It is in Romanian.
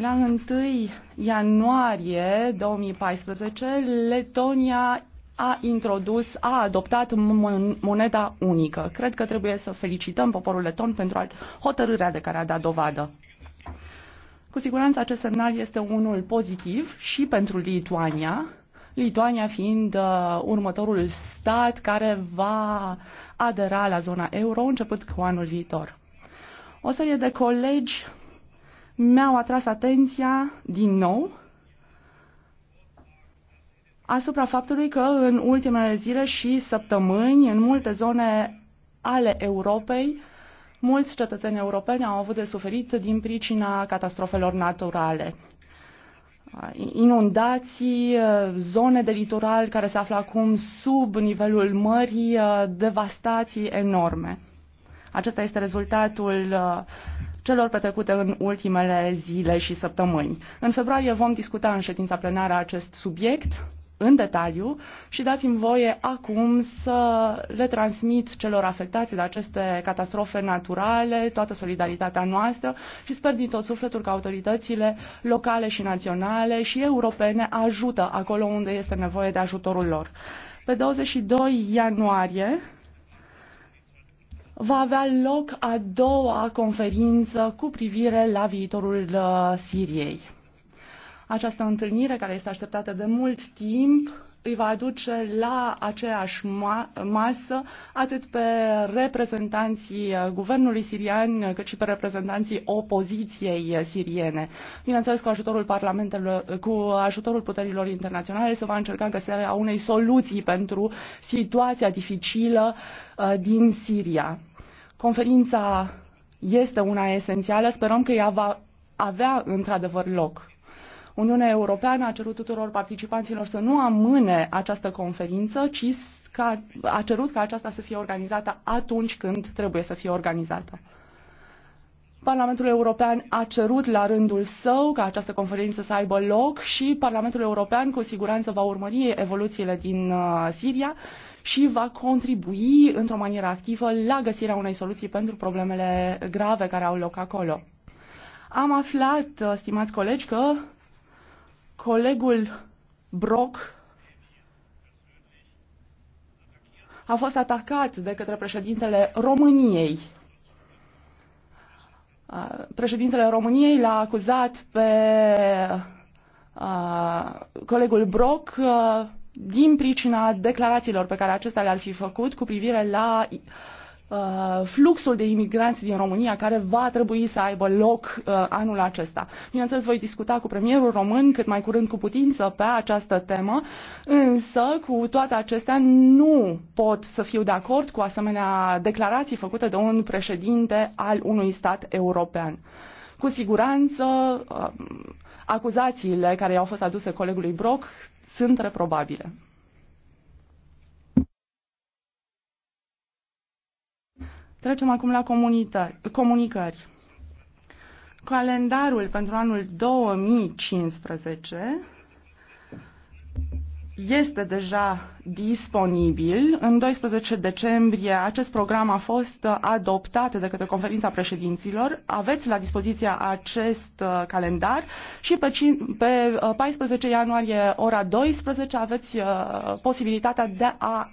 La 1 ianuarie 2014, Letonia a introdus, a adoptat moneda unică. Cred că trebuie să felicităm poporul leton pentru hotărârea de care a dat dovadă. Cu siguranță acest semnal este unul pozitiv și pentru Lituania, Lituania fiind uh, următorul stat care va adera la zona euro începând cu anul viitor. O serie de colegi mi-au atras atenția din nou asupra faptului că în ultimele zile și săptămâni, în multe zone ale Europei, mulți cetățeni europeni au avut de suferit din pricina catastrofelor naturale. Inundații, zone de litoral care se află acum sub nivelul mării, devastații enorme. Acesta este rezultatul uh, celor petrecute în ultimele zile și săptămâni. În februarie vom discuta în ședința plenară acest subiect în detaliu și dați-mi voie acum să le transmit celor afectați de aceste catastrofe naturale toată solidaritatea noastră și sper din tot sufletul că autoritățile locale și naționale și europene ajută acolo unde este nevoie de ajutorul lor. Pe 22 ianuarie va avea loc a doua conferință cu privire la viitorul uh, Siriei. Această întâlnire, care este așteptată de mult timp, îi va aduce la aceeași ma- masă atât pe reprezentanții guvernului sirian, cât și pe reprezentanții opoziției siriene. Bineînțeles, cu ajutorul parlamentelor, cu ajutorul puterilor internaționale se va încerca găsirea unei soluții pentru situația dificilă uh, din Siria. Conferința este una esențială, sperăm că ea va avea într-adevăr loc. Uniunea Europeană a cerut tuturor participanților să nu amâne această conferință, ci ca, a cerut ca aceasta să fie organizată atunci când trebuie să fie organizată. Parlamentul European a cerut la rândul său ca această conferință să aibă loc și Parlamentul European cu siguranță va urmări evoluțiile din uh, Siria și va contribui într-o manieră activă la găsirea unei soluții pentru problemele grave care au loc acolo. Am aflat, uh, stimați colegi, că Colegul Brock a fost atacat de către președintele României. Președintele României l-a acuzat pe colegul Brock din pricina declarațiilor pe care acesta le-ar fi făcut cu privire la uh, Uh, fluxul de imigranți din România care va trebui să aibă loc uh, anul acesta. Bineînțeles, voi discuta cu premierul român cât mai curând cu putință pe această temă, însă cu toate acestea nu pot să fiu de acord cu asemenea declarații făcute de un președinte al unui stat european. Cu siguranță, uh, acuzațiile care i-au fost aduse colegului Brock sunt reprobabile. Trecem acum la comunicări. Calendarul pentru anul 2015 este deja disponibil. În 12 decembrie acest program a fost adoptat de către conferința președinților. Aveți la dispoziție acest uh, calendar și pe, pe 14 uh, ianuarie ora 12 aveți uh, posibilitatea de a